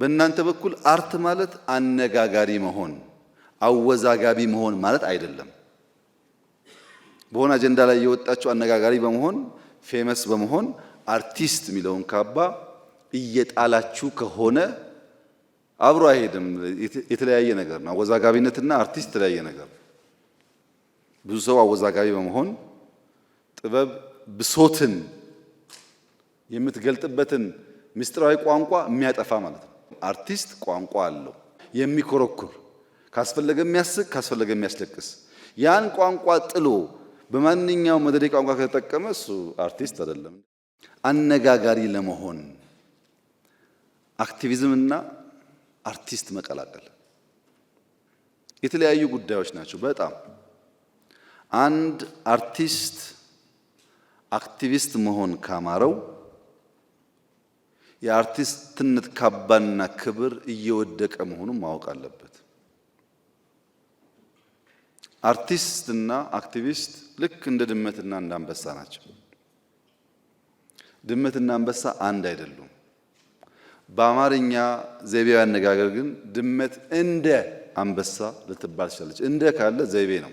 በእናንተ በኩል አርት ማለት አነጋጋሪ መሆን አወዛጋቢ መሆን ማለት አይደለም። በሆነ አጀንዳ ላይ የወጣችው አነጋጋሪ በመሆን ፌመስ በመሆን አርቲስት የሚለውን ካባ እየጣላችሁ ከሆነ አብሮ አይሄድም። የተለያየ ነገር ነው። አወዛጋቢነትና አርቲስት የተለያየ ነገር። ብዙ ሰው አወዛጋቢ በመሆን ጥበብ ብሶትን የምትገልጥበትን ምስጢራዊ ቋንቋ የሚያጠፋ ማለት ነው። አርቲስት ቋንቋ አለው የሚኮረኩር ካስፈለገ የሚያስቅ ካስፈለገ የሚያስለቅስ ያን ቋንቋ ጥሎ በማንኛውም መደዴ ቋንቋ ከተጠቀመ እሱ አርቲስት አይደለም። አነጋጋሪ ለመሆን አክቲቪዝምና አርቲስት መቀላቀል የተለያዩ ጉዳዮች ናቸው። በጣም አንድ አርቲስት አክቲቪስት መሆን ካማረው የአርቲስትነት ካባና ክብር እየወደቀ መሆኑን ማወቅ አለበት። አርቲስትና አክቲቪስት ልክ እንደ ድመትና እንደ አንበሳ ናቸው። ድመትና አንበሳ አንድ አይደሉም። በአማርኛ ዘይቤያዊ አነጋገር ግን ድመት እንደ አንበሳ ልትባል ትችላለች። እንደ ካለ ዘይቤ ነው።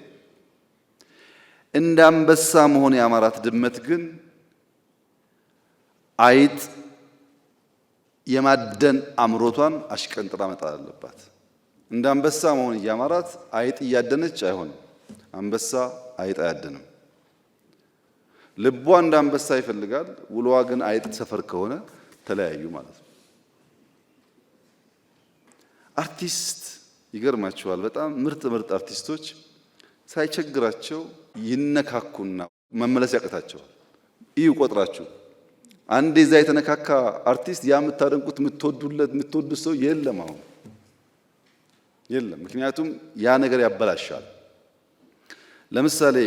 እንደ አንበሳ መሆን የአማራት ድመት ግን አይጥ የማደን አምሮቷን አሽቀንጥራ መጣል አለባት። እንደ አንበሳ መሆን እያማራት አይጥ እያደነች አይሆንም። አንበሳ አይጥ አያደንም። ልቧ እንደ አንበሳ ይፈልጋል፣ ውሎዋ ግን አይጥ ሰፈር ከሆነ ተለያዩ ማለት ነው። አርቲስት ይገርማችኋል፣ በጣም ምርጥ ምርጥ አርቲስቶች ሳይቸግራቸው ይነካኩና መመለስ ያቅታቸዋል። እዩ ቆጥራችሁ አንድ ዛ የተነካካ አርቲስት ያ የምታደንቁት የምትወዱለት የምትወዱት ሰው የለም፣ አሁን የለም። ምክንያቱም ያ ነገር ያበላሻል። ለምሳሌ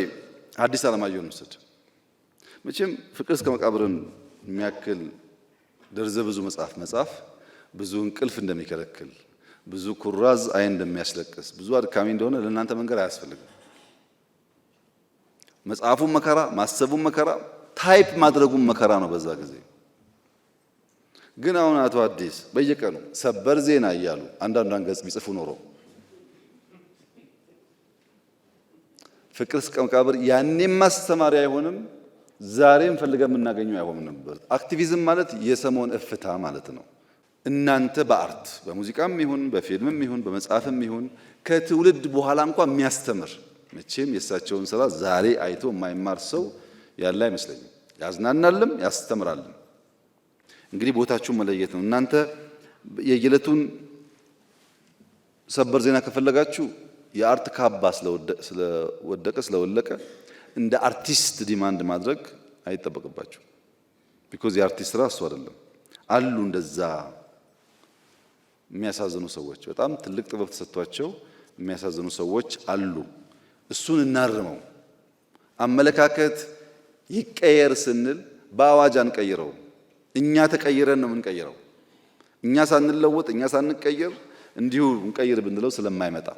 ሐዲስ ዓለማየሁን ውሰድ። መቼም ፍቅር እስከ መቃብርን የሚያክል ደርዘ ብዙ መጽሐፍ መጽሐፍ ብዙ እንቅልፍ እንደሚከለክል ብዙ ኩራዝ አይን እንደሚያስለቅስ ብዙ አድካሚ እንደሆነ ለእናንተ መንገድ አያስፈልግም። መጽሐፉን መከራ ማሰቡን መከራ ታይፕ ማድረጉን መከራ ነው በዛ ጊዜ። ግን አሁን አቶ አዲስ በየቀኑ ሰበር ዜና እያሉ አንዳንዷን ገጽ ቢጽፉ ኖሮ ፍቅር እስከ መቃብር ያኔም ማስተማሪያ አይሆንም፣ ዛሬም ፈልገ የምናገኘው አይሆንም ነበር። አክቲቪዝም ማለት የሰሞን እፍታ ማለት ነው። እናንተ በአርት በሙዚቃም ይሁን በፊልምም ይሁን በመጽሐፍም ይሁን ከትውልድ በኋላ እንኳ የሚያስተምር መቼም የእሳቸውን ስራ ዛሬ አይቶ የማይማር ሰው ያለ አይመስለኝም። ያዝናናልም ያስተምራልም። እንግዲህ ቦታችሁን መለየት ነው። እናንተ የየዕለቱን ሰበር ዜና ከፈለጋችሁ የአርት ካባ ስለወደቀ ስለወለቀ እንደ አርቲስት ዲማንድ ማድረግ አይጠበቅባችሁ። ቢኮዝ የአርቲስት ስራ እሱ አይደለም። አሉ እንደዛ የሚያሳዝኑ ሰዎች፣ በጣም ትልቅ ጥበብ ተሰጥቷቸው የሚያሳዝኑ ሰዎች አሉ። እሱን እናርመው። አመለካከት ይቀየር ስንል በአዋጅ አንቀይረውም። እኛ ተቀይረን ነው የምንቀይረው። እኛ ሳንለወጥ እኛ ሳንቀየር እንዲሁ እንቀይር ብንለው ስለማይመጣ